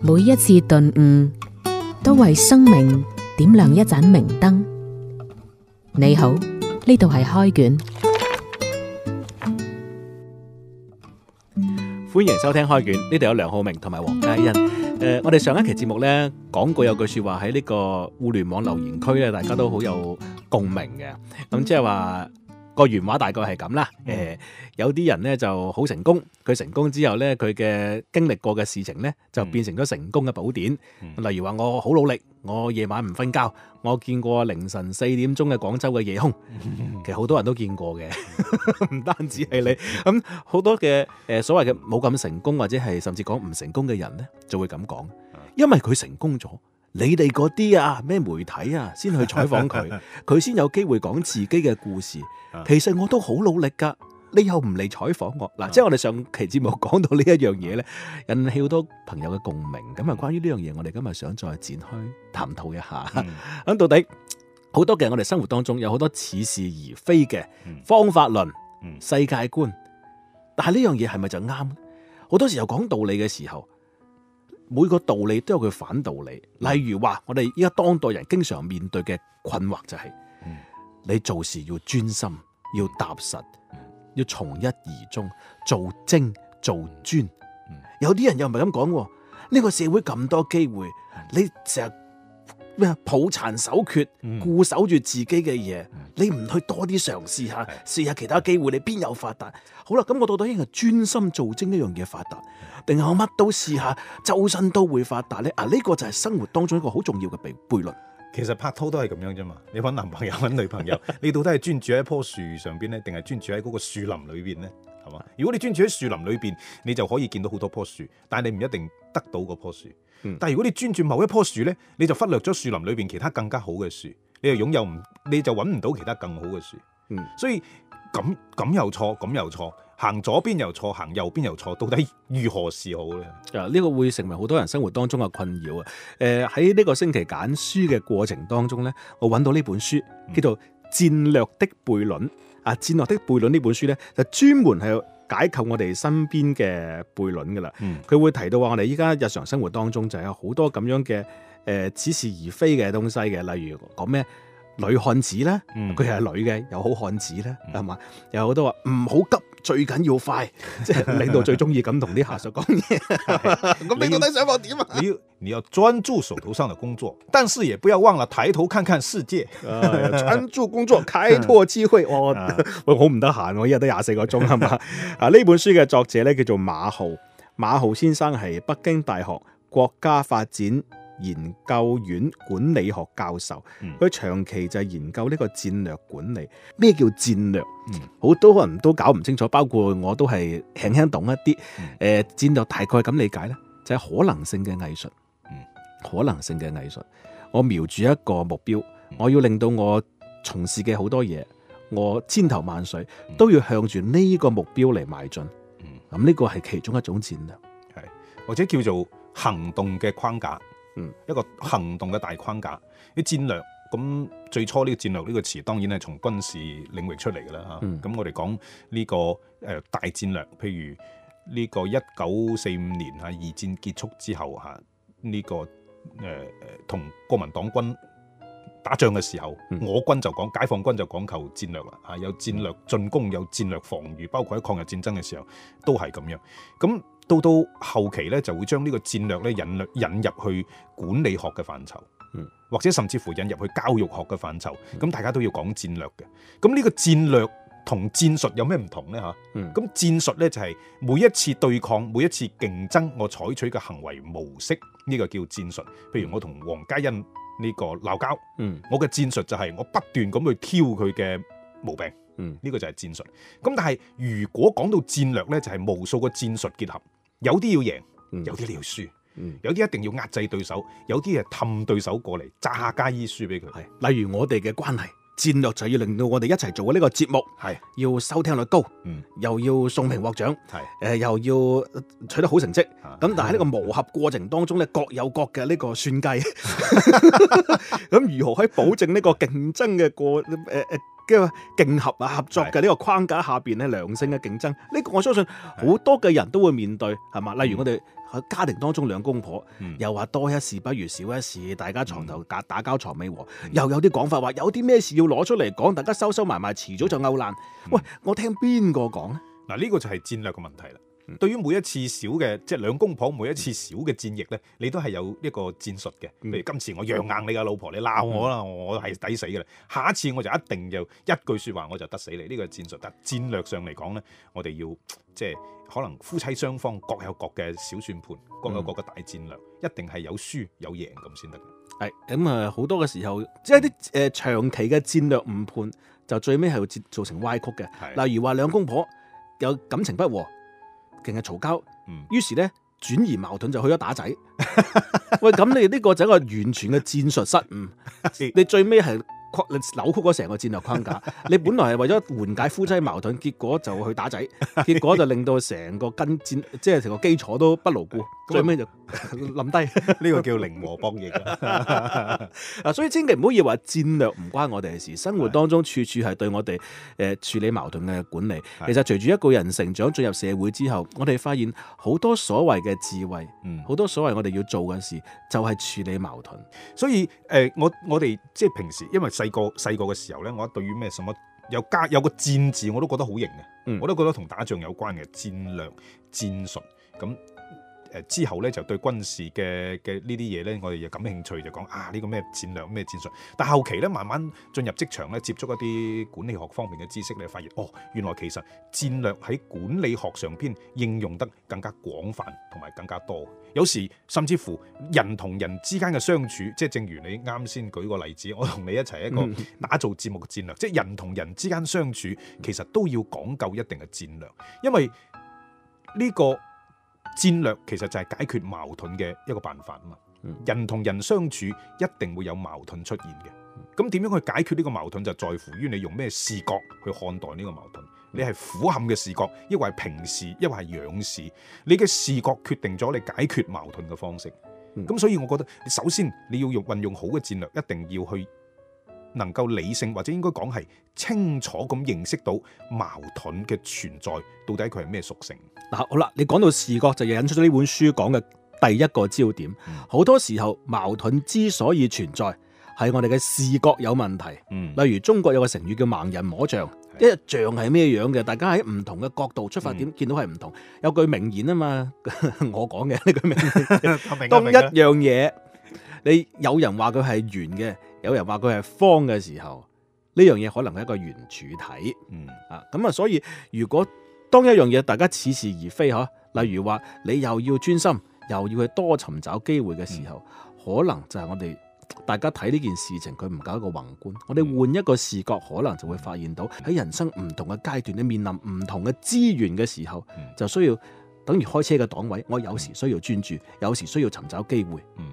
每一次頓悟，都為生命點亮一盞明燈。你好，呢度係開卷，歡迎收聽開卷。呢度有梁浩明同埋黃嘉欣。誒，我哋上一期節目呢，講過有句說話喺呢個互聯網留言區呢，大家都好有共鳴嘅。咁即係話。個原話大概係咁啦，誒、呃，有啲人呢就好成功，佢成功之後呢，佢嘅經歷過嘅事情呢，就變成咗成功嘅寶典。嗯、例如話我好努力，我夜晚唔瞓覺，我見過凌晨四點鐘嘅廣州嘅夜空，其實好多人都見過嘅，唔 單止係你。咁、嗯、好多嘅誒、呃，所謂嘅冇咁成功或者係甚至講唔成功嘅人呢，就會咁講，因為佢成功咗。你哋嗰啲啊，咩媒體啊，先去採訪佢，佢 先有機會講自己嘅故事。其實我都好努力噶，你又唔嚟採訪我嗱、啊。即係我哋上期節目講到呢一樣嘢咧，引起好多朋友嘅共鳴。咁啊、嗯，關於呢樣嘢，我哋今日想再展開探討一下。咁、嗯、到底好多嘅我哋生活當中有好多似是而非嘅方法論、嗯嗯、世界觀，但係呢樣嘢係咪就啱？好多時候講道理嘅時候。每個道理都有佢反道理，例如話我哋依家當代人經常面對嘅困惑就係、是，嗯、你做事要專心，要踏實，嗯、要從一而終，做精做專。嗯、有啲人又唔係咁講，呢、呢個社會咁多機會，的你。」只。咩抱殘守缺，固守住自己嘅嘢，你唔去多啲嘗試下，試下其他機會，你邊有發達？好啦，咁我到底應該係專心做精一樣嘢發達，定係我乜都試下，周身都會發達咧？啊，呢個就係生活當中一個好重要嘅背悖論。其實拍拖都係咁樣啫嘛，你揾男朋友揾女朋友，你到底係專注喺一棵樹上邊呢？定係專注喺嗰個樹林裏邊呢？係嘛？如果你專注喺樹林裏邊，你就可以見到好多棵樹，但係你唔一定得到嗰棵樹。但係如果你專注某一棵樹呢，你就忽略咗樹林裏邊其他更加好嘅樹，你又擁有唔，你就揾唔到其他更好嘅樹。所以咁咁又錯，咁又錯。行左邊又錯，行右邊又錯，到底如何是好咧？啊，呢個會成為好多人生活當中嘅困擾啊！誒、呃，喺呢個星期揀書嘅過程當中咧，我揾到呢本書，叫做《戰略的悖論》啊，《戰略的悖論》呢本書咧，就專門係解構我哋身邊嘅悖論噶啦。佢、嗯、會提到話，我哋依家日常生活當中就有好多咁樣嘅誒，似、呃、是而非嘅東西嘅，例如講咩女漢子咧，佢又係女嘅，有好漢子咧，係嘛？有好、嗯、有好多話唔好急。最緊要快，即係領導最中意咁同啲下屬講嘢。咁你到底想我點啊？你要你要專注手頭上嘅工作，但是也不要忘了抬頭看看世界。專注工作，開拓機會。我我好唔得閒，我一日得廿四個鐘係嘛。啊，呢本書嘅作者咧，叫做馬浩，馬浩先生係北京大學國家發展。研究院管理學教授，佢、嗯、長期就係研究呢個戰略管理。咩叫戰略？好、嗯、多人都搞唔清楚，包括我都係輕輕懂一啲。誒、嗯呃、戰略大概咁理解咧，就係、是、可能性嘅藝術。嗯、可能性嘅藝術，我瞄住一個目標，嗯、我要令到我從事嘅好多嘢，我千頭萬緒都要向住呢個目標嚟邁進。咁呢、嗯、個係其中一種戰略，或者叫做行動嘅框架。嗯，一個行動嘅大框架，啲戰略咁最初呢個戰略呢、這個詞當然係從軍事領域出嚟嘅啦嚇。咁、嗯、我哋講呢個誒大戰略，譬如呢個一九四五年嚇二戰結束之後嚇呢、這個誒同、呃、國民黨軍打仗嘅時候，嗯、我軍就講解放軍就講求戰略啊，有戰略進攻，有戰略防禦，包括喺抗日戰爭嘅時候都係咁樣。咁到到後期咧，就會將呢個戰略咧引入引入去管理學嘅範疇，嗯、或者甚至乎引入去教育學嘅範疇。咁、嗯、大家都要講戰略嘅。咁呢個戰略同戰術有咩唔同咧？嚇、嗯，咁戰術咧就係每一次對抗、每一次競爭，我採取嘅行為模式，呢個叫戰術。譬如我同黃嘉欣呢個鬧交，嗯、我嘅戰術就係我不斷咁去挑佢嘅毛病，呢、嗯、個就係戰術。咁但係如果講到戰略咧，就係、是、無數個戰術結合。有啲要贏，有啲你、嗯、要輸，嗯、有啲一定要壓制對手，有啲係氹對手過嚟，詐下假意輸俾佢。係，例如我哋嘅關係戰略，就要令到我哋一齊做呢個節目係是要收聽率高，嗯、又要送評獲獎，誒是、呃、又要取得好成績。咁是但係呢個磨合過程當中咧，各有各嘅呢個算計。咁 如何可以保證呢個競爭嘅過程誒誒？呃呃叫競合啊，合作嘅呢個框架下邊咧，良性嘅競爭呢的個我相信好多嘅人都會面對係嘛，例如我哋喺家庭當中兩公婆又話多一事不如少一事，大家床頭打交床尾和，嗯、又有啲講法話有啲咩事要攞出嚟講，大家收收埋埋，遲早就勾爛。嗯、喂，我聽邊個講咧？嗱，呢個就係戰略嘅問題啦。對於每一次小嘅即係兩公婆每一次小嘅戰役呢，嗯、你都係有一個戰術嘅。譬、嗯、如今次我讓硬你嘅老婆，你鬧我啦，嗯、我係抵死嘅啦。下一次我就一定就一句説話我就得死你。呢、呢個係戰術。但戰略上嚟講呢，我哋要即係可能夫妻雙方各有各嘅小算盤，嗯、各有各嘅大戰略，一定係有輸有贏咁先得。嘅、嗯。係咁啊，好、嗯、多嘅時候即係啲誒長期嘅戰略誤判，就最尾係會造成歪曲嘅。例如話兩公婆有感情不和。淨係嘈交，於是咧，轉移矛盾就去咗打仔。 喂，咁你呢個就係一個完全嘅戰術失誤。 你最尾係扭曲咗成個戰略框架。 你本來係為咗緩解夫妻矛盾，結果就去打仔，結果就令到成個根基，即係成個基礎都不牢固。 最尾就。諗低呢個叫零和博弈啊。所以千祈唔好以為戰略唔關我哋嘅事，生活當中處處係對我哋誒處理矛盾嘅管理。其實隨住一個人成長進入社會之後，我哋發現好多所謂嘅智慧，好多所謂我哋要做嘅事，就係處理矛盾，嗯。所以誒、呃，我我哋即係平時，因為細個細個嘅時候咧，我對於咩什麼，什麼有加有個戰字我，我都覺得好型嘅，我都覺得同打仗有關嘅戰略戰術咁。嗯誒之後咧就對軍事嘅嘅呢啲嘢呢，我哋又感興趣就講啊呢個咩戰略咩戰術，但後期呢，慢慢進入職場呢，接觸一啲管理學方面嘅知識咧，你發現哦原來其實戰略喺管理學上邊應用得更加廣泛同埋更加多。有時甚至乎人同人之間嘅相處，即係正如你啱先舉個例子，我同你一齊一個打造節目嘅戰略，嗯、即係人同人之間相處其實都要講究一定嘅戰略，因為呢、呢個。戰略其實就係解決矛盾嘅一個辦法啊嘛，人同人相處一定會有矛盾出現嘅，咁點樣去解決呢個矛盾就在乎於你用咩視角去看待呢個矛盾，你係俯瞰嘅視角，抑或係平視，抑或係仰視，你嘅視覺決定咗你解決矛盾嘅方式，咁所以我覺得首先你要用運用好嘅戰略，一定要去。能夠理性或者應該講係清楚咁認識到矛盾嘅存在，到底佢係咩屬性？嗱、嗯，好啦，你講到視覺就引出咗呢本書講嘅第一個焦點。好、嗯、多時候矛盾之所以存在，係我哋嘅視覺有問題。嗯、例如中國有個成語叫盲人摸象，的一象係咩樣嘅？大家喺唔同嘅角度出發點見到係唔同。嗯、有句名言啊嘛， 我講嘅呢句名言，明明明 當一樣嘢，你有人話佢係圓嘅。有人話佢係方嘅時候，呢樣嘢可能係一個圓柱體。嗯啊，咁啊，所以如果當一樣嘢大家似是而非，嗬，例如話你又要專心，又要去多尋找機會嘅時候，嗯、可能就係我哋大家睇呢件事情佢唔夠一個宏觀。我哋換一個視角，可能就會發現到喺人生唔同嘅階段臨，你面臨唔同嘅資源嘅時候，嗯、就需要等於開車嘅檔位，我有時需要專注，嗯、有時需要尋找機會。嗯。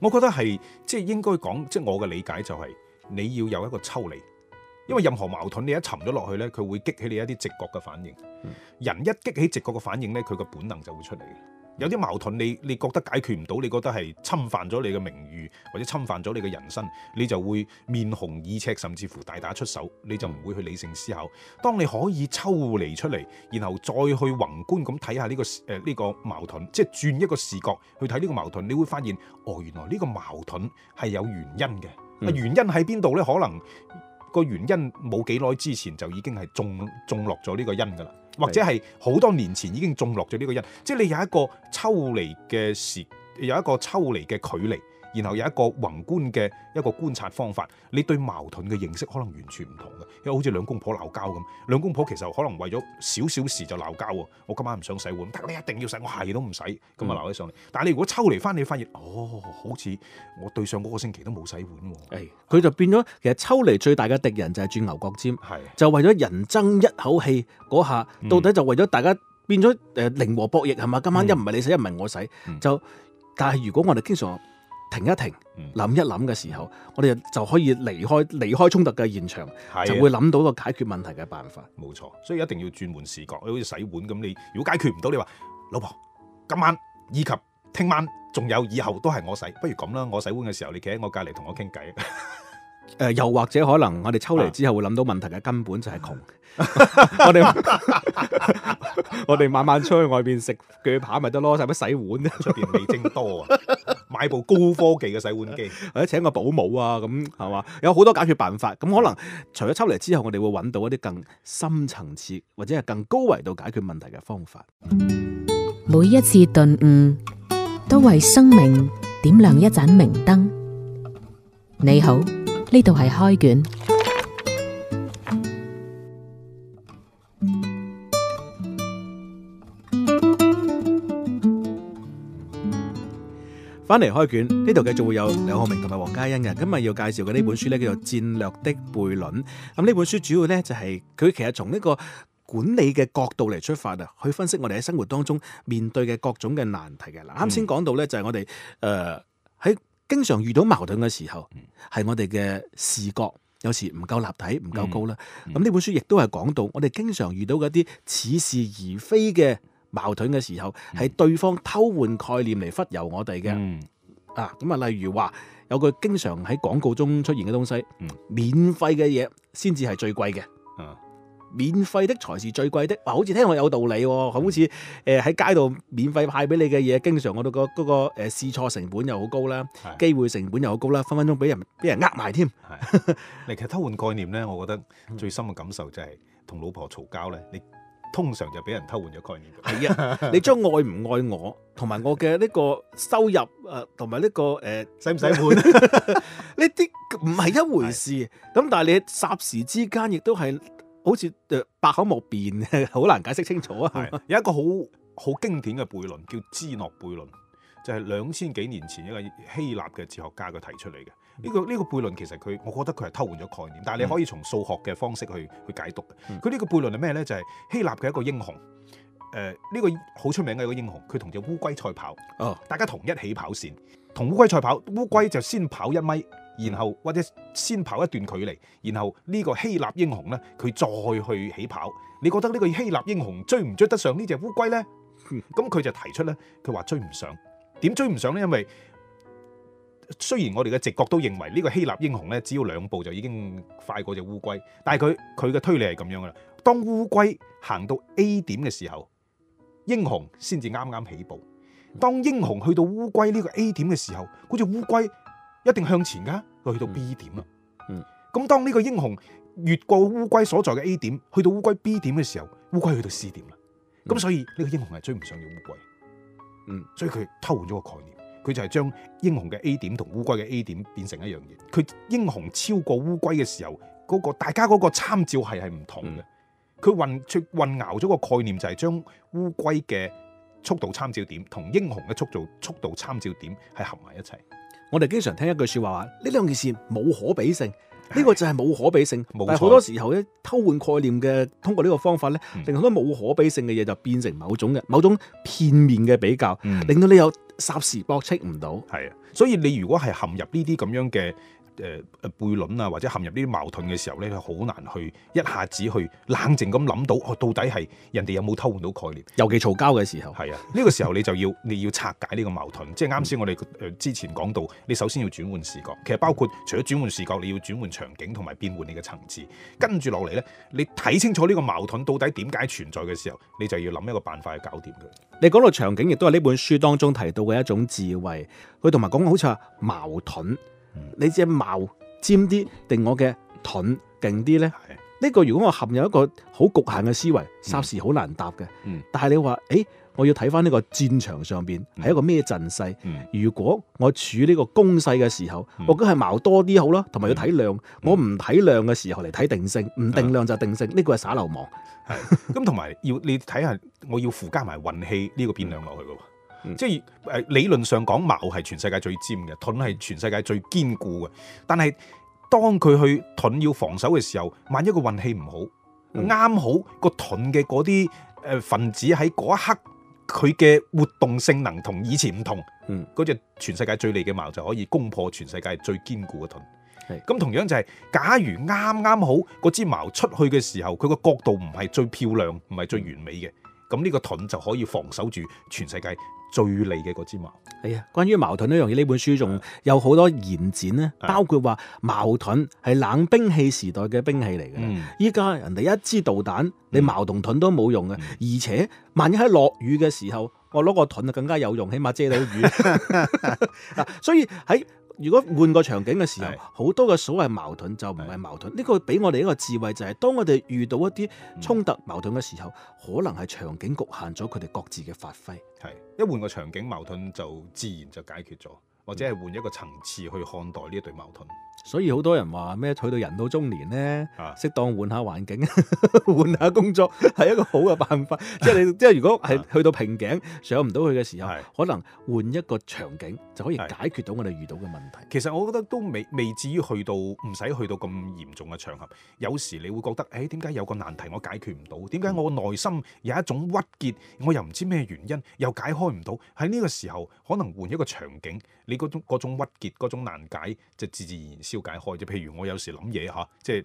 我覺得係即係應該講，即係我嘅理解就係你要有一個抽離，因為任何矛盾你一沉咗落去咧，佢會激起你一啲直覺嘅反應。人一激起直覺嘅反應咧，佢個本能就會出嚟。有啲矛盾你，你你覺得解決唔到，你覺得係侵犯咗你嘅名譽，或者侵犯咗你嘅人身，你就會面紅耳赤，甚至乎大打出手，你就唔會去理性思考。當你可以抽離出嚟，然後再去宏觀咁睇下呢、呢個誒呢、呃呢個矛盾，即係轉一個視角去睇呢個矛盾，你會發現哦，原來呢個矛盾係有原因嘅。原因喺邊度呢？可能個原因冇幾耐之前就已經係種種落咗呢個因㗎啦。或者係好多年前已經種落咗呢個因，即係你有一個抽離嘅時，有一個抽離嘅距離。然後有一個宏觀嘅一個觀察方法，你對矛盾嘅認識可能完全唔同嘅，因為好似兩公婆鬧交咁，兩公婆其實可能為咗少少事就鬧交喎。我今晚唔想洗碗，但你一定要洗，我係都唔洗咁啊，鬧起上嚟。嗯、但係你如果你抽離翻，你發現哦，好似我對上嗰個星期都冇洗碗喎。佢、哎、就變咗其實抽離最大嘅敵人就係鑽牛角尖，是就為咗人爭一口氣嗰下，到底就為咗大家變咗誒零和博弈係嘛？今晚一唔係你洗一唔係我洗就，嗯嗯、但係如果我哋經常。停一停，諗一諗嘅時候，我哋就可以離開離開衝突嘅現場，的就會諗到個解決問題嘅辦法。冇錯，所以一定要轉換視角，好似洗碗咁。你如果解決唔到，你話老婆今晚以及聽晚仲有以後都係我洗，不如咁啦，我洗碗嘅時候你企喺我隔籬同我傾偈。誒、呃，又或者可能我哋抽離之後、啊、會諗到問題嘅根本就係窮。我哋我哋晚晚出去外邊食鋸扒咪得咯，使乜洗碗啊？出邊味精多啊！買部高科技嘅洗碗機， 或者請個保姆啊，咁係嘛？有好多解決辦法。咁可能除咗抽離之後，我哋會揾到一啲更深層次或者係更高維度解決問題嘅方法。每一次頓悟都為生命點亮一盞明燈。你好，呢度係開卷。翻嚟開卷，呢度繼續會有梁浩明同埋黃嘉欣嘅，今日要介紹嘅呢本書咧叫做《戰略的悖論》。咁呢本書主要咧就係佢其實從一個管理嘅角度嚟出發啊，去分析我哋喺生活當中面對嘅各種嘅難題嘅。嗱，啱先講到咧就係我哋誒喺經常遇到矛盾嘅時候，係我哋嘅視覺有時唔夠立體唔夠高啦。咁呢、嗯嗯、本書亦都係講到我哋經常遇到嘅一啲似是而非嘅矛盾嘅時候，係對方偷換概念嚟忽悠我哋嘅。嗯、啊，咁、嗯、啊，例如話有個經常喺廣告中出現嘅東西，嗯、免費嘅嘢先至係最貴嘅。啊、免費的才是最貴的。好似聽落有道理喎，好似誒喺街度免費派俾你嘅嘢，經常我、那、哋個嗰、那個誒試錯成本又好高啦，的機會成本又好高啦，分分鐘俾人俾人呃埋添。其實偷換概念呢，我覺得最深嘅感受就係同老婆嘈交呢。你，通常就俾人偷換咗概念㗎。係啊，你將愛唔愛我，同埋我嘅呢個收入誒，同埋呢個誒使唔使換呢啲唔係一回事。咁的但係你霎時之間亦都係好似誒百口莫辯，好難解釋清楚啊。係的 有一個好好經典嘅悖論，叫芝諾悖論，就係兩千幾年前一個希臘嘅哲學家佢提出嚟嘅。呢個呢個悖論其實佢，我覺得佢係偷換咗概念。但係你可以從數學嘅方式去去解讀嘅。佢呢、嗯、個悖論係咩呢？就係、是、希臘嘅一個英雄，誒、呃、呢、這個好出名嘅一個英雄，佢同隻烏龜賽跑。哦，大家同一起跑線，同烏龜賽跑，烏龜就先跑一米，然後或者先跑一段距離，然後呢個希臘英雄呢，佢再去起跑。你覺得呢個希臘英雄追唔追得上呢隻烏龜呢？咁佢、嗯、就提出呢，佢話追唔上。點追唔上呢？因為雖然我哋嘅直覺都認為呢個希臘英雄咧，只要兩步就已經快過隻烏龜，但係佢佢嘅推理係咁樣噶啦。當烏龜行到 A 點嘅時候，英雄先至啱啱起步。當英雄去到烏龜呢個 A 點嘅時候，嗰隻烏龜一定向前噶，佢去到 B 點啦。嗯，咁當呢個英雄越過烏龜所在嘅 A 點，去到烏龜 B 點嘅時候，烏龜去到 C 點啦。咁所以呢個英雄係追唔上嘅烏龜。嗯，所以佢偷換咗個概念。佢就係將英雄嘅 A 點同烏龜嘅 A 點變成一樣嘢。佢英雄超過烏龜嘅時候，嗰、那個、大家嗰個參照系係唔同嘅。佢混出混淆咗個概念，就係將烏龜嘅速度參照點同英雄嘅速度速度參照點係合埋一齊。我哋經常聽一句説話話，呢兩件事冇可比性。呢個就係冇可比性，冇錯。但係好多時候咧，偷換概念嘅，通過呢個方法咧，令好多冇可比性嘅嘢就變成某種嘅某種片面嘅比較，嗯、令到你有霎時駁斥唔到。係啊，所以你如果係陷入呢啲咁樣嘅。誒誒、呃，悖論啊，或者陷入呢啲矛盾嘅時候咧，佢好難去一下子去冷靜咁諗到，哦，到底係人哋有冇偷換到概念？尤其嘈交嘅時候，係 啊，呢、呢個時候你就要你要拆解呢個矛盾， 即係啱先我哋誒之前講到，你首先要轉換視角。其實包括除咗轉換視角，你要轉換場景同埋變換你嘅層次。跟住落嚟咧，你睇清楚呢個矛盾到底點解存在嘅時候，你就要諗一個辦法去搞掂佢。你講到場景，亦都係呢本書當中提到嘅一種智慧。佢同埋講好似話矛盾。你隻矛尖啲定我嘅盾勁啲咧？呢個如果我含有一個好局限嘅思維，霎時好難答嘅。嗯、但係你話誒，我要睇翻呢個戰場上面係一個咩陣勢？嗯、如果我處呢個攻勢嘅時候，嗯、我梗係矛多啲好啦，同埋要睇量。嗯、我唔睇量嘅時候嚟睇定性，唔定量就定性，呢、嗯、個係耍流氓。咁同埋要你睇下，我要附加埋運氣呢個變量落去嘅。即係誒、呃、理論上講，矛係全世界最尖嘅，盾係全世界最堅固嘅。但係當佢去盾要防守嘅時候，萬一個運氣唔好，啱、嗯、好個盾嘅嗰啲誒分子喺嗰一刻，佢嘅活動性能同以前唔同，嗯，嗰隻全世界最利嘅矛就可以攻破全世界最堅固嘅盾。咁是的，同樣就係、是，假如啱啱好嗰支矛出去嘅時候，佢個角度唔係最漂亮，唔係最完美嘅，咁呢個盾就可以防守住全世界。最利嘅嗰支矛。係啊、哎，關於矛盾呢樣嘢，呢本書仲有好多延展咧，的包括話矛盾係冷兵器時代嘅兵器嚟嘅。依、嗯、家人哋一支導彈，你矛同盾、盾都冇用嘅。嗯、而且萬一喺落雨嘅時候，我攞個盾啊更加有用，起碼遮到雨。嗱 所以喺。如果換個場景嘅時候，好係多嘅所謂矛盾就唔係矛盾。呢係個俾我哋一個智慧就係，當我哋遇到一啲衝突矛盾嘅時候，嗯、可能係場景局限咗佢哋各自嘅發揮。係，一換個場景，矛盾就自然就解決咗，或者係換一個層次去看待呢一對矛盾。所以好多人話咩去到人到中年咧，適當換下環境，換下工作，係一個好嘅辦法。 即係你即係如果係去到瓶頸上唔到去嘅時候，是可能換一個場景就可以解決到我哋遇到嘅問題。其實我覺得都未未至於去到唔使去到咁嚴重嘅場合。有時你會覺得誒點解有個難題我解決唔到？點解我內心有一種鬱結，我又唔知咩原因又解開唔到？喺呢個時候可能換一個場景，你嗰種嗰種鬱結嗰種難解就自自然消解開啫，譬如我有時諗嘢吓，即係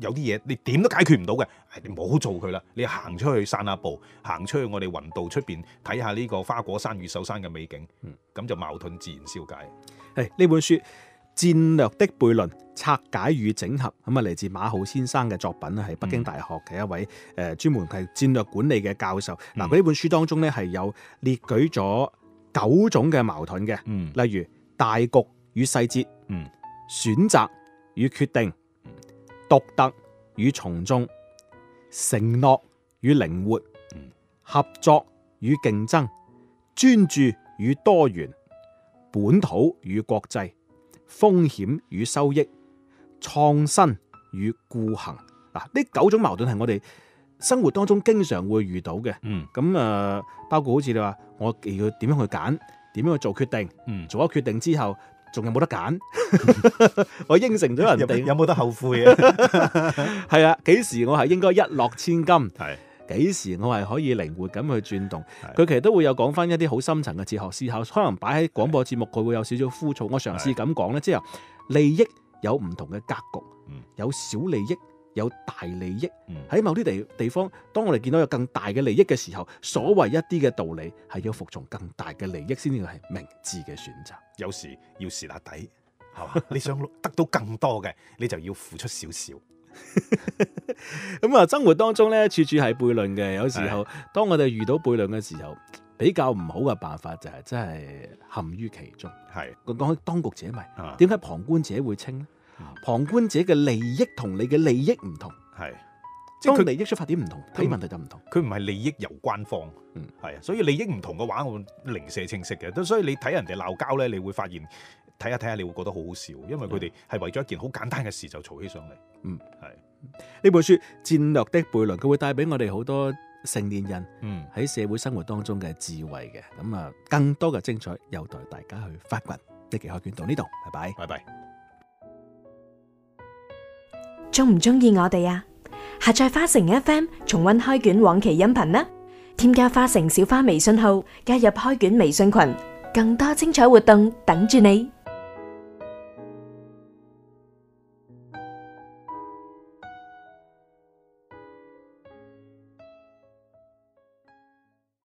有啲嘢你點都解決唔到嘅，誒你唔好做佢啦，你行出去散下步，行出去我哋雲道出邊睇下呢個花果山、越秀山嘅美景，咁、嗯、就矛盾自然消解。誒，呢本書《戰略的悖論：拆解與整合》咁啊，嚟自馬浩先生嘅作品，係北京大學嘅一位誒專、嗯呃、門係戰略管理嘅教授。嗱、嗯，佢呢本書當中咧係有列舉咗九種嘅矛盾嘅，嗯，例如大局與細節，嗯。選擇與決定，獨特與從眾，承諾與靈活，合作與競爭，專注與多元，本土與國際，風險與收益，創新與固行。嗱，呢九種矛盾係我哋生活當中經常會遇到嘅。咁誒、嗯呃，包括好似你話，我哋要點樣去揀，點樣去做決定，嗯、做咗決定之後。仲有冇得揀？ 我應承咗人哋， 有冇得後悔 啊？係啊，幾時我係應該一諾千金？係是，幾時我係可以靈活咁去轉動？佢是其實都會有講返一啲好深層嘅哲學思考，可能擺喺廣播節目，佢是會有少少枯燥。我嘗試咁講咧即係，利益有唔同嘅格局，有小利益，有大利益喺、嗯、某啲地地方，當我哋見到有更大嘅利益嘅時候，所謂一啲嘅道理係要服從更大嘅利益先至係明智嘅選擇。有時要蝕下底，係嘛？ 你想得到更多嘅，你就要付出少少。咁啊，生活當中咧，處處係悖論嘅。有時候，的當我哋遇到悖論嘅時候，比較唔好嘅辦法就係、是、真係陷於其中。係講講起當局者迷，點解旁觀者會清呢？旁觀者嘅利益同你嘅利益唔同，係，即係佢利益出發點唔同，睇不問題就唔同。佢唔係利益由官方，嗯，係啊，所以利益唔同嘅話，我零舍清晰嘅。所以你睇人哋鬧交咧，你會發現睇下睇下你會覺得好好笑，因為佢哋係為咗一件好簡單嘅事就嘈起上嚟。嗯，係的。呢本書《戰略的悖論》，佢會帶俾我哋好多成年人，嗯，喺社會生活當中嘅智慧嘅。咁啊、嗯，更多嘅精彩有待大家去發掘。呢期開卷到呢度，拜拜，拜拜。鍾唔鍾意我哋啊？下載花城 FM 重溫開卷往期音頻啦！添加花城小花微信號，加入開卷微信群，更多精彩活動等住你。